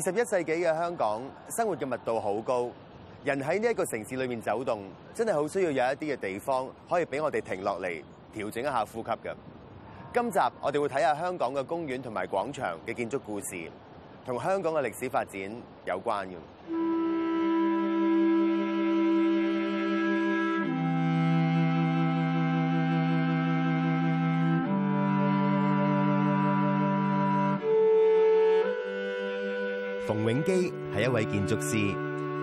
二十一世紀嘅香港，生活嘅密度好高，人喺呢一個城市裏面走動，真係好需要有一啲嘅地方可以俾我哋停落嚟調整一下呼吸嘅。今集我哋會睇下香港嘅公園同埋廣場嘅建築故事，同香港嘅歷史發展有關嘅。永基係一位建築師，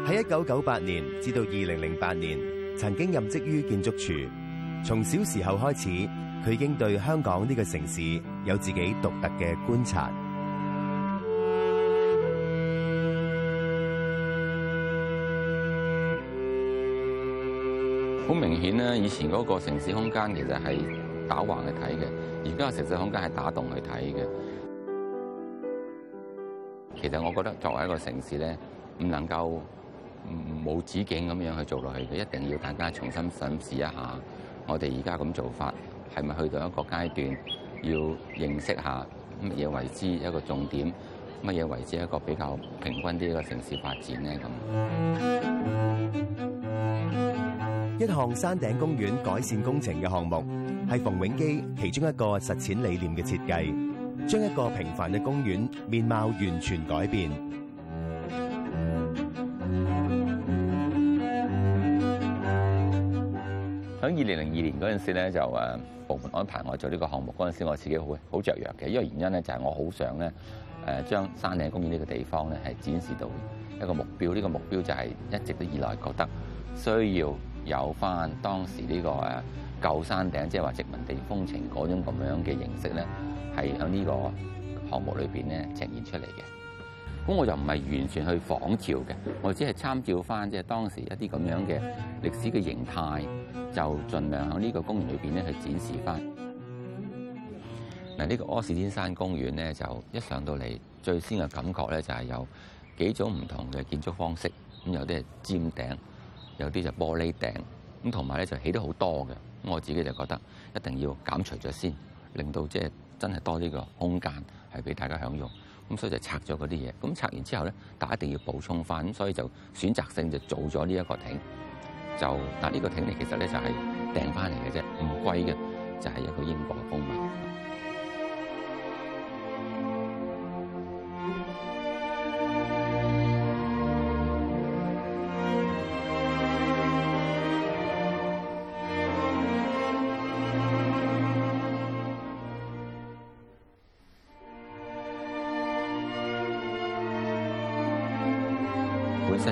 喺一九九八年至到二零零八年，曾經任職於建築處。從小時候開始，佢已經對香港呢個城市有自己獨特嘅觀察。好明顯咧，以前嗰個城市空間其實係打橫去睇嘅，而家城市空間係打戙去睇嘅。其實我覺得作為一個城市咧，唔能夠冇止境咁樣去做落去，佢一定要大家重新審視一下我哋而家咁做法係咪去到一個階段，要認識下乜嘢為之一個重點，乜嘢為之一個比較平均啲嘅城市發展咧咁。呢一項山頂公園改善工程嘅項目係馮永基其中一個實踐理念嘅設計。將一個平凡嘅公園面貌完全改變。喺二零零二年嗰陣時咧，就誒部門安排我做呢個項目。嗰陣時候我自己好好雀躍嘅，一個原因咧就係我好想咧誒將山頂公園呢個地方咧係展示到一個目標。呢個目標就係一直都以來覺得需要有翻當時呢個誒舊山頂，即係話殖民地風情嗰種咁樣嘅形式咧。係喺呢個項目裏邊咧呈現出嚟嘅。咁我就唔係完全去仿照嘅，我只係參照翻即係當時一啲咁樣嘅歷史嘅形態，就盡量喺呢個公園裏邊咧去展示翻嗱。呢個柯士天山公園咧，就一上到嚟最先嘅感覺咧，就係有幾種唔同嘅建築方式。咁有啲係尖頂，有啲就玻璃頂。咁同埋咧就起得好多嘅。我自己就覺得一定要減除咗先，令到即係。真係多呢個空間係俾大家享用，咁所以就拆咗嗰啲嘢。咁拆完之後咧，但係一定要補充翻，咁所以就選擇性就做咗呢一個艇。就嗱，呢個艇咧，其實咧就係訂翻嚟嘅啫，唔貴嘅，就係、是、一個英國嘅公民。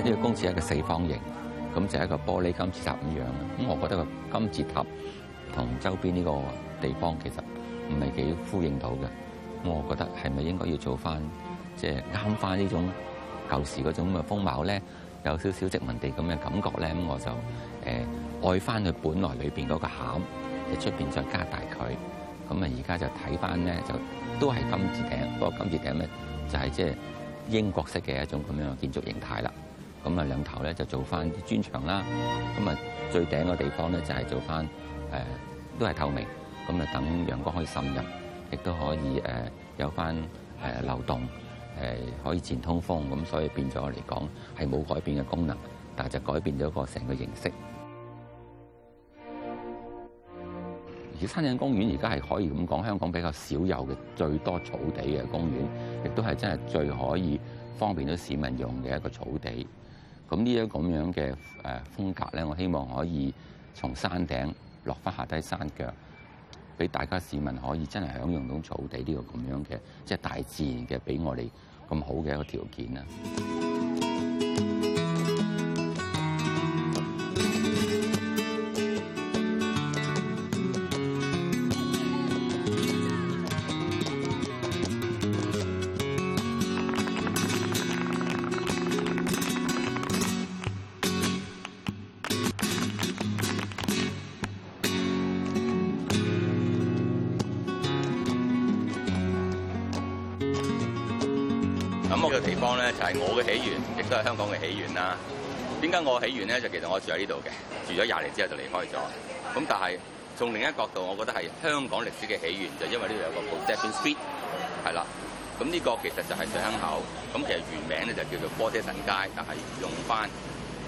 呢個公廁係一個四方形，咁就係一個玻璃金字塔咁樣嘅。咁我覺得個金字塔同周邊呢個地方其實唔係幾呼應到嘅。咁我覺得係咪應該要做翻即係啱翻呢種舊時嗰種嘅風貌咧？有少少殖民地咁嘅感覺咧。咁我就誒、呃、愛翻佢本來裏邊嗰個餡，出邊再加大佢。咁啊，而家就睇翻咧，就都係金字頂。個金字頂咧就係即係英國式嘅一種咁樣嘅建築形態啦。咁啊，兩頭咧就做翻磚牆啦。咁啊，最頂個地方咧就係、是、做翻誒、呃，都係透明。咁啊，等陽光可以滲入，亦都可以誒、呃、有翻誒、呃、流動，誒、呃、可以自然通風。咁所以變咗嚟講，係冇改變嘅功能，但是就改變咗個成個形式。而且山頂公園而家係可以咁講，香港比較少有嘅最多草地嘅公園，亦都係真係最可以方便到市民用嘅一個草地。咁呢一個咁樣嘅誒風格咧，我希望可以從山頂落翻下低山腳，俾大家市民可以真係享用到草地呢個咁樣嘅即係大自然嘅俾我哋咁好嘅一個條件啦。起源啦，點解我起源咧？就其實我住喺呢度嘅，住咗廿年之後就離開咗。咁但係從另一角度，我覺得係香港歷史嘅起源，就因為呢度有個 Possession Street，係啦。咁呢個其實就係水坑口。咁其實原名咧就叫做波些臣街，但係用翻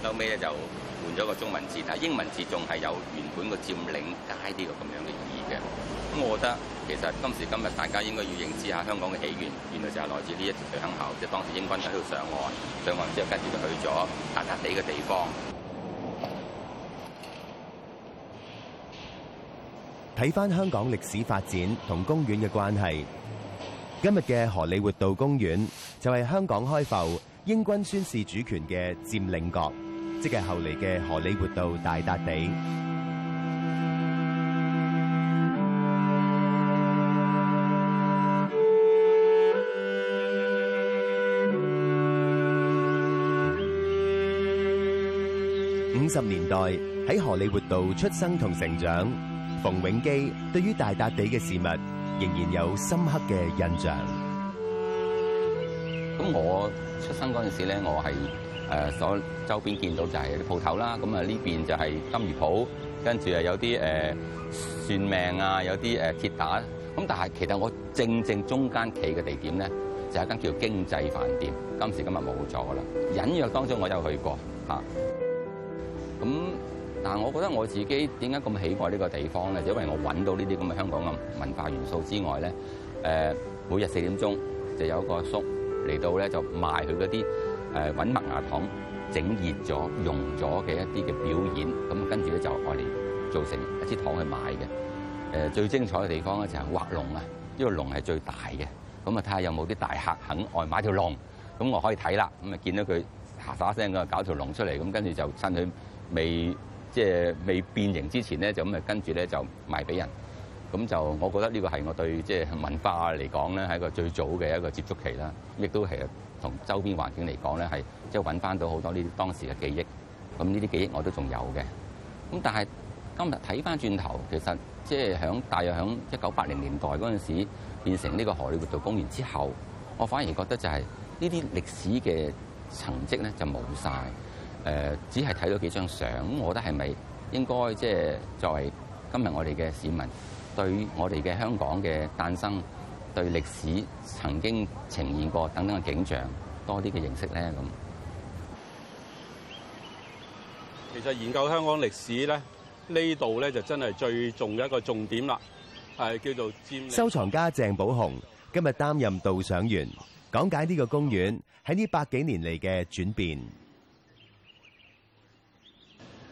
後尾咧就換咗個中文字，但係英文字仲係有原本個佔領街呢個咁樣嘅意義嘅。我覺得其實今時今日大家應該要認知下香港嘅起源，原來就係來自呢一條水坑口，即係當時英軍喺度上岸，上岸之後跟住就去咗大笪地嘅地方。睇返香港歷史發展同公園嘅關係，今日嘅荷李活道公園就係香港開埠英軍宣示主權嘅佔領角，即係後嚟嘅荷李活道大笪地。十年代喺荷李活道出生同成長，馮永基對於大笪地嘅事物仍然有深刻嘅印象。咁我出生嗰陣時咧，我係誒所周邊見到就係啲鋪頭啦。咁啊呢邊就係金魚鋪，跟住啊有啲誒算命啊，有啲誒鐵打。咁但係其實我正正中間企嘅地點咧，就係間叫經濟飯店。今時今日冇咗啦，隱約當中我有去過吓。咁，但係我覺得我自己點解咁喜愛呢個地方咧？就是，因為我揾到呢啲咁嘅香港嘅文化元素之外咧，誒、呃、每日四點鐘就有一個阿叔嚟到咧，就賣佢嗰啲誒揾麥芽糖整熱咗溶咗嘅一啲嘅表演。咁跟住咧就我嚟做成一支糖去賣嘅。誒、呃、最精彩嘅地方咧就係畫龍啊！呢，個龍係最大嘅，咁啊睇下有冇啲大客肯外買條龍，咁我可以睇啦。咁啊見到佢嚇耍聲咁啊搞條龍出嚟，咁跟住就趁佢。未即係未變形之前咧，就咁誒跟住咧就賣俾人，咁就我覺得呢個係我對即係文化嚟講咧係一個最早嘅一個接觸期啦，亦都係同周邊環境嚟講咧係即係揾翻到好多呢啲當時嘅記憶。咁呢啲記憶我都仲有嘅，咁但係今日睇翻轉頭，其實即係響大約響一九八零年代嗰陣時變成呢個荷李活道公園之後，我反而覺得就係呢啲歷史嘅成績咧就冇晒。誒、呃、只係睇到幾張相，我覺得係咪應該即係作為今日我哋嘅市民，對我哋嘅香港嘅誕生，對歷史曾經呈現過等等嘅景象，多啲嘅認識咧咁。嗯、其實研究香港歷史咧，呢度咧就真係最重嘅一個重點啦，係叫做佔。收藏家鄭寶鴻，今日擔任導賞員，講解呢個公園喺呢百幾年嚟嘅轉變。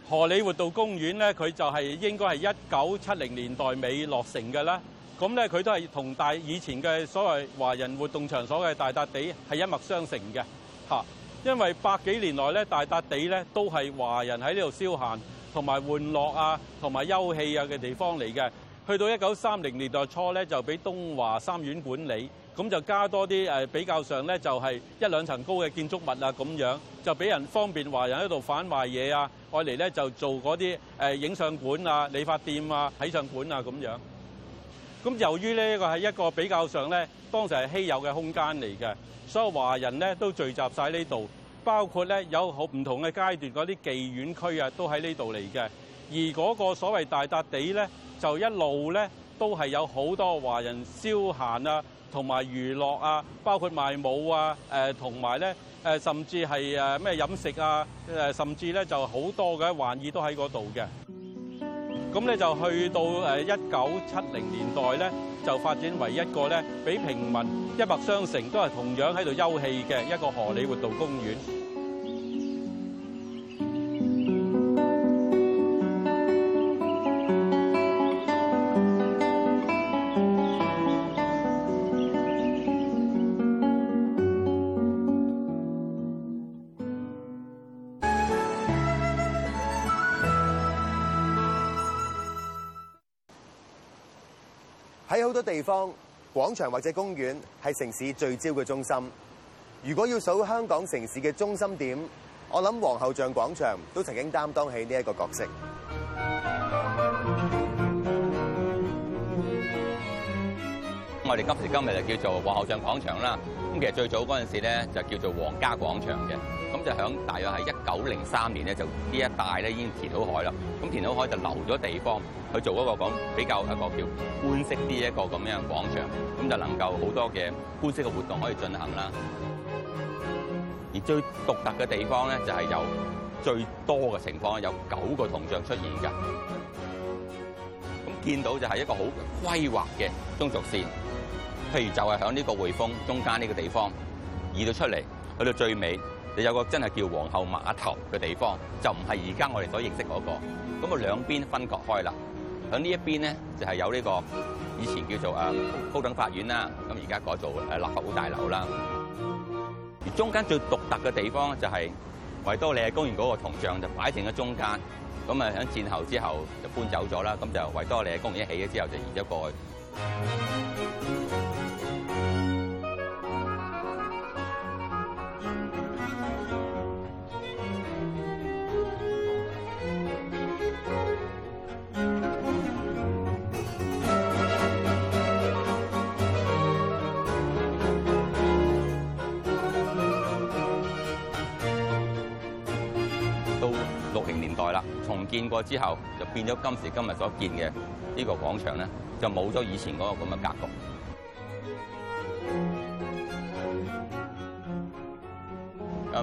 荷李活道公園咧，佢就係應該係一九七零年代尾落成嘅啦。咁咧，佢都係同大以前嘅所謂華人活動場所嘅大笪地係一脈相承嘅，嚇。因為百幾年來咧，大笪地咧都係華人喺呢度消閒同埋玩樂啊、同埋休憩啊嘅地方嚟嘅。去到一九三零年代初咧，就俾東華三院管理，咁就加多啲誒比較上咧就係一兩層高嘅建築物啊咁樣。就俾人方便華人喺度販賣嘢啊，愛嚟咧就做嗰啲、呃、影相館啊、理髮店啊、睇相館啊咁樣。咁由於呢個係一個比較上咧，當時係稀有嘅空間嚟嘅，所有華人咧都聚集晒呢度，包括咧有好唔同嘅階段嗰啲妓院區啊，都喺呢度嚟嘅。而嗰個所謂大笪地咧，就一路咧都係有好多華人消閒啊。同埋娛樂啊，包括賣舞啊，誒同埋咧，誒甚至係誒咩飲食啊，誒甚至咧就好多嘅玩意都喺嗰度嘅。咁咧就去到誒一九七零年代咧，就發展為一個咧，俾平民一脈相承，都係同樣喺度休憩嘅一個荷李活道公園。方廣場或者公園係城市聚焦嘅中心。如果要數香港城市嘅中心點，我諗皇后像廣場都曾經擔當起呢一個角色。我哋今時今日就叫做皇后像廣場啦。咁其實最早嗰陣時咧，就叫做皇家廣場嘅。咁就響大約係一九零三年咧，就呢一帶咧已經填好海啦。咁填好海就留咗地方去做嗰個講比較一個叫官式啲一,一個咁樣廣場，咁就能夠好多嘅官式嘅活動可以進行啦。而最獨特嘅地方咧，就係有最多嘅情況有九個銅像出現㗎。咁見到就係一個好規劃嘅中軸線。譬如就係喺呢個匯豐中間呢個地方移到出嚟，去到最尾，你有個真係叫皇后碼頭嘅地方，就唔係而家我哋所認識嗰、那個。咁啊兩邊分割開啦，喺呢一邊咧就係、是、有呢、這個以前叫做啊高等法院啦，咁而家改做誒立法會大樓啦。而中間最獨特嘅地方就係維多利亞公園嗰個銅像就擺定咗中間，咁啊喺戰後之後就搬走咗啦，咁就維多利亞公園一起咗之後就移咗過去。都六零年代啦，重建過之後就變咗今時今日所見嘅呢個廣場咧，就冇咗以前嗰個咁嘅格局。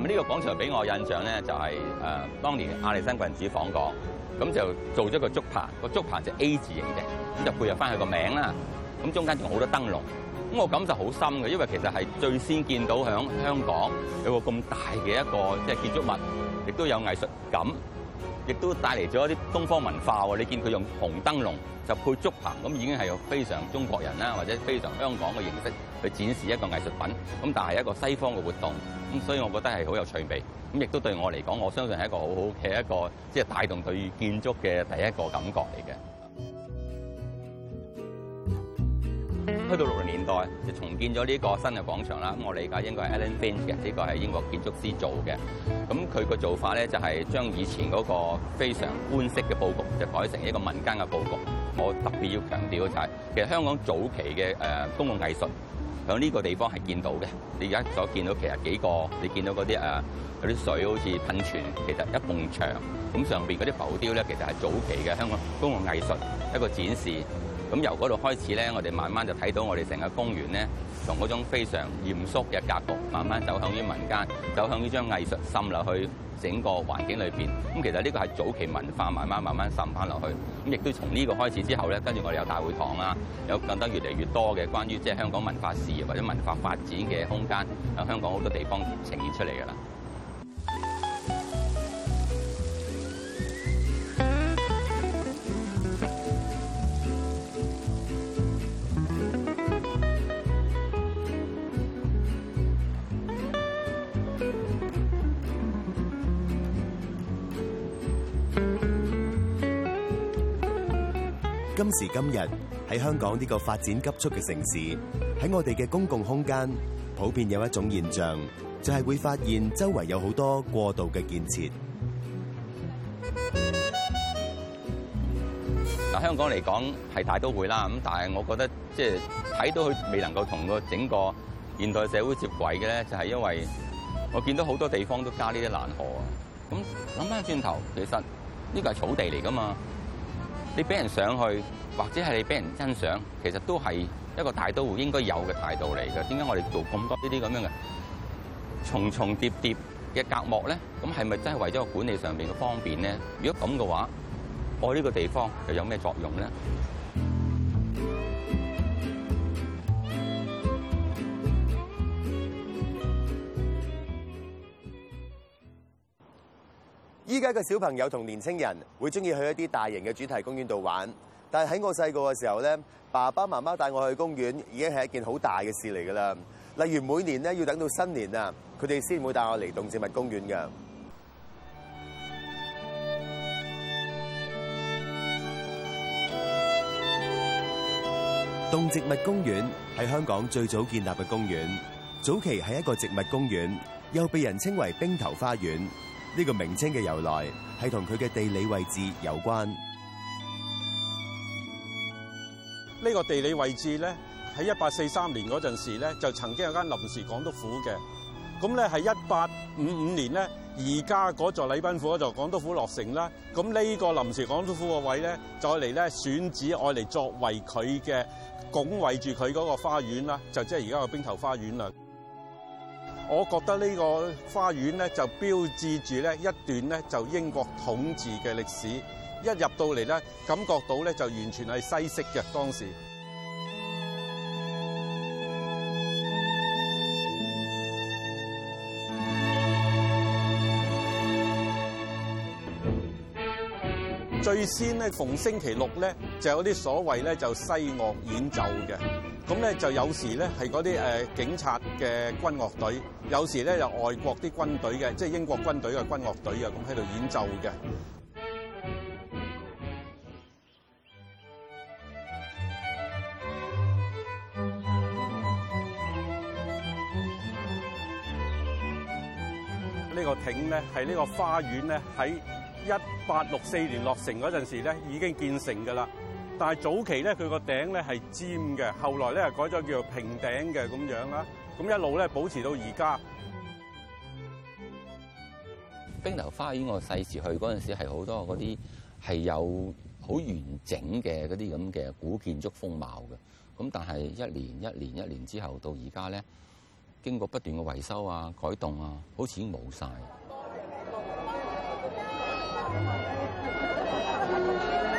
呢 個廣場俾我印象咧，就係、是、誒、呃、當年亞歷山王子訪港，咁就做咗個竹棚，個竹棚就 A 字形嘅，咁就配合翻佢個名啦。咁中間仲好多燈籠，咁我感受好深嘅，因為其實係最先見到響香港有個咁大嘅一個即係、就是、建築物。亦都有藝術感，亦都帶嚟咗一啲東方文化喎。你見佢用紅燈籠就配竹棚，咁已經係非常中國人啦，或者非常香港嘅形式去展示一個藝術品。咁但係一個西方嘅活動，咁所以我覺得係好有趣味。咁亦都對我嚟講，我相信係一個好好嘅一個，即係帶動佢建築嘅第一個感覺嚟嘅。去到六零年代就重建咗呢個新嘅廣場啦。咁我理解應該係 Alan Bint 嘅，呢、這個係英國建築師做嘅。咁佢個做法咧就係、是、將以前嗰個非常官式嘅佈局，就改成一個民間嘅佈局。我特別要強調嘅就係、是，其實香港早期嘅誒公共藝術喺呢個地方係見到嘅。你而家所見到其實幾個，你見到嗰啲誒啲水好似噴泉，其實一埲牆咁，上邊嗰啲浮雕咧，其實係早期嘅香港公共藝術一個展示。咁由嗰度開始咧，我哋慢慢就睇到我哋成個公園咧，從嗰種非常嚴肅嘅格局，慢慢走向於民間，走向於將藝術滲落去整個環境裏面。咁其實呢個係早期文化慢慢慢慢滲翻落去。咁亦都從呢個開始之後咧，跟住我哋有大會堂啦，有更得越嚟越多嘅關於即係香港文化事業或者文化發展嘅空間，喺香港好多地方呈現出嚟㗎啦。今時今日喺香港呢個發展急速嘅城市，喺我哋嘅公共空間普遍有一種現象，就係、是、會發現周圍有好多過度嘅建設。嗱，香港嚟講係大都會啦，咁但係我覺得即係睇到佢未能夠同個整個現代社會接軌嘅咧，就係、是、因為我見到好多地方都加呢啲欄河啊。咁諗返轉頭，其實呢個係草地嚟㗎嘛。你俾人上去，或者係你俾人欣賞，其實都係一個大都會應該有嘅態度嚟嘅。點解我哋做咁多呢啲咁樣嘅重重疊疊嘅隔膜咧？咁係咪真係為咗個管理上邊嘅方便咧？如果咁嘅話，我呢個地方又有咩作用咧？依家嘅小朋友同年青人會中意去一啲大型嘅主題公園度玩，但係喺我細個嘅時候咧，爸爸媽媽帶我去公園已經係一件好大嘅事嚟噶啦。例如每年咧，要等到新年啊，佢哋先會帶我嚟動植物公園噶。動植物公園係香港最早建立嘅公園，早期係一個植物公園，又被人稱為兵頭花園。呢個名稱嘅由來係同佢嘅地理位置有關。呢個地理位置咧，喺一八四三年嗰陣時咧，就曾經有間臨時港督府嘅。咁咧係一八五五年咧，而家嗰座禮賓府嗰座港督府落成啦。咁呢個臨時港督府嘅位咧，再嚟咧選址，愛嚟作為佢嘅拱衛住佢嗰個花園啦，就即係而家嘅兵頭花園啦。我覺得呢個花園呢就標誌住呢一段呢就英國統治嘅歷史。一入到嚟呢感覺到呢就完全係西式嘅。當時最先呢逢星期六呢就有啲所謂呢就西樂演奏嘅。咁咧就有時咧係嗰啲誒警察嘅軍樂隊，有時咧有外國啲軍隊嘅，即係英國軍隊嘅軍樂隊啊，咁喺度演奏嘅。呢個亭咧係呢個花園咧喺一八六四年落成嗰陣時咧已經建成㗎啦。但係早期咧，佢個頂咧係尖嘅，後來咧改咗叫做平頂嘅咁樣啦。咁一路咧保持到而家。兵頭花園，我細時去嗰陣時係好多嗰啲係有好完整嘅嗰啲咁嘅古建築風貌嘅。咁但係一年一年一年之後到而家咧，經過不斷嘅維修啊、改動啊，好似已經冇晒。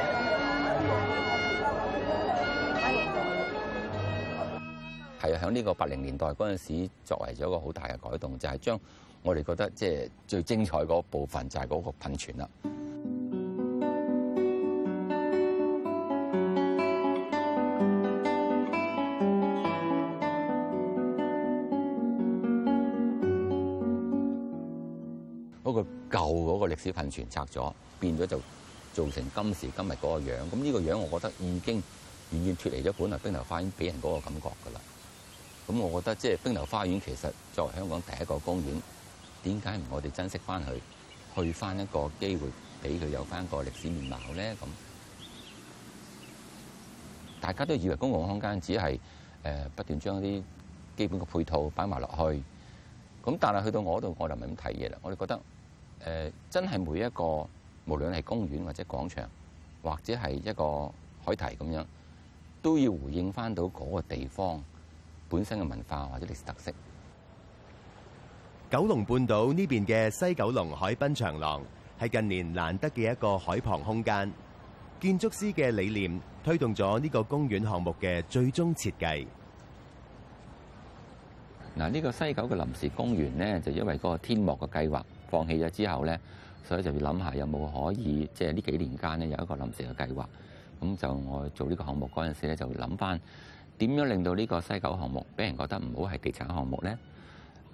係喺呢個八零年代嗰陣時，作為咗一個好大嘅改動，就係將我哋覺得即係最精彩嗰部分，就係嗰個噴泉啦。嗰個舊嗰個歷史噴泉拆咗，變咗就造成今時今日嗰個樣。咁呢個樣，我覺得已經完全脫離咗本來兵頭花園俾人嗰個感覺㗎啦。咁我覺得即係兵頭花園其實作為香港第一個公園，點解唔我哋珍惜翻佢，去翻一個機會俾佢有翻個歷史面貌咧？咁大家都以為公共空間只係、呃、不斷將啲基本嘅配套擺埋落去，咁但係去到我度我就唔係咁睇嘢啦。我哋覺得、呃、真係每一個，無論係公園或者廣場，或者係一個海堤咁樣，都要回應翻到嗰個地方。本身嘅文化或者歷史特色。九龍半島呢邊嘅西九龍海濱長廊係近年難得嘅一個海旁空間。建築師嘅理念推動咗呢個公園項目嘅最終設計。嗱，呢個西九嘅臨時公園咧，就因為嗰個天幕嘅計劃放棄咗之後咧，所以就要諗下有冇可以，即係呢幾年間咧有一個臨時嘅計劃，咁就我做呢個項目嗰陣時咧，就諗翻。點樣令到呢個西九項目俾人覺得唔好係地產項目咧？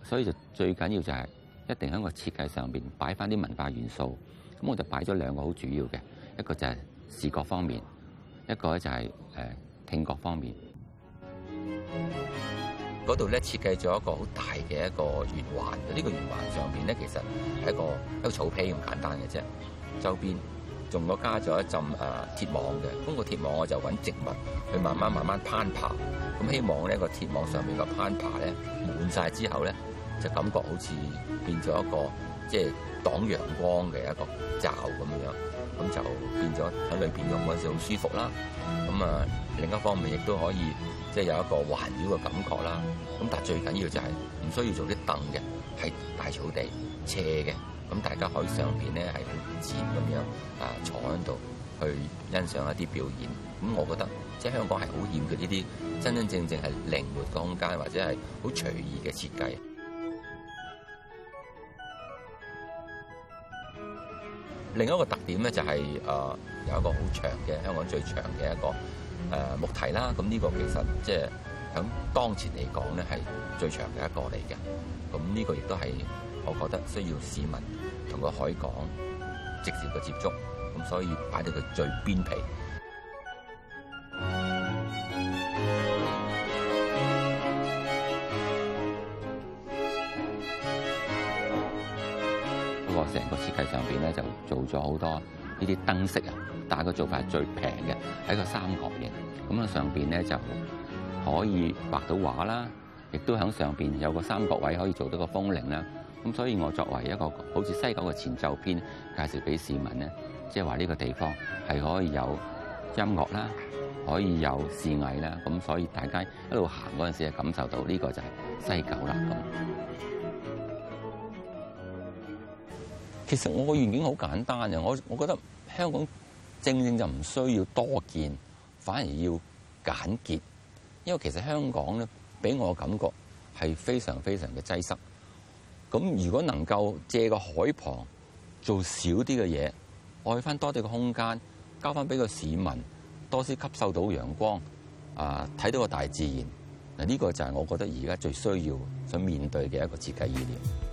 所以就最緊要就係一定喺個設計上邊擺翻啲文化元素。咁我就擺咗兩個好主要嘅，一個就係視覺方面，一個咧就係、是、誒、呃、聽覺方面。嗰度咧設計咗一個好大嘅一個圓環，喺、這、呢個圓環上邊咧，其實係一個是一個草皮咁簡單嘅啫。周邊。仲我加咗一陣誒、啊、鐵網嘅，通、那、過、個、鐵網我就揾植物去慢慢慢慢攀爬，咁希望呢、那個鐵網上面嘅攀爬咧滿晒之後咧，就感覺好似變咗一個即係、就是、擋陽光嘅一個罩咁樣，咁就變咗喺裏邊用嗰陣時好舒服啦。咁啊，另一方面亦都可以即係、就是、有一個環繞嘅感覺啦。咁但係最緊要就係唔需要做啲凳嘅，係大草地斜嘅。咁大家可以上邊咧係好自然咁樣啊，坐喺度去欣賞一啲表演。咁我覺得即係香港係好欠缺呢啲真真正正係靈活嘅空間，或者係好隨意嘅設計。另一個特點咧就係啊，有一個好長嘅香港最長嘅一個誒木梯啦。咁呢個其實即係喺當前嚟講咧係最長嘅一個嚟嘅。咁呢個亦都係。我覺得需要市民同個海港直接嘅接觸，咁所以擺到佢最邊皮。不過，成個設計上邊咧就做咗好多呢啲燈飾啊，但係個做法係最平嘅，係一個三角形。咁啊，上邊咧就可以畫到畫啦，亦都響上邊有個三角位可以做到個風鈴啦。咁所以，我作為一個好似西九嘅前奏篇，介紹俾市民咧，即係話呢個地方係可以有音樂啦，可以有視藝啦，咁所以大家一路行嗰陣時，感受到呢個就係西九啦。咁其實我個願景好簡單嘅，我我覺得香港正正就唔需要多建，反而要簡潔，因為其實香港咧俾我感覺係非常非常嘅擠塞。咁如果能夠借個海旁做少啲嘅嘢，開翻多啲嘅空間，交翻俾個市民多啲吸收到陽光，啊睇到個大自然，嗱、這、呢個就係我覺得而家最需要想面對嘅一個設計意念。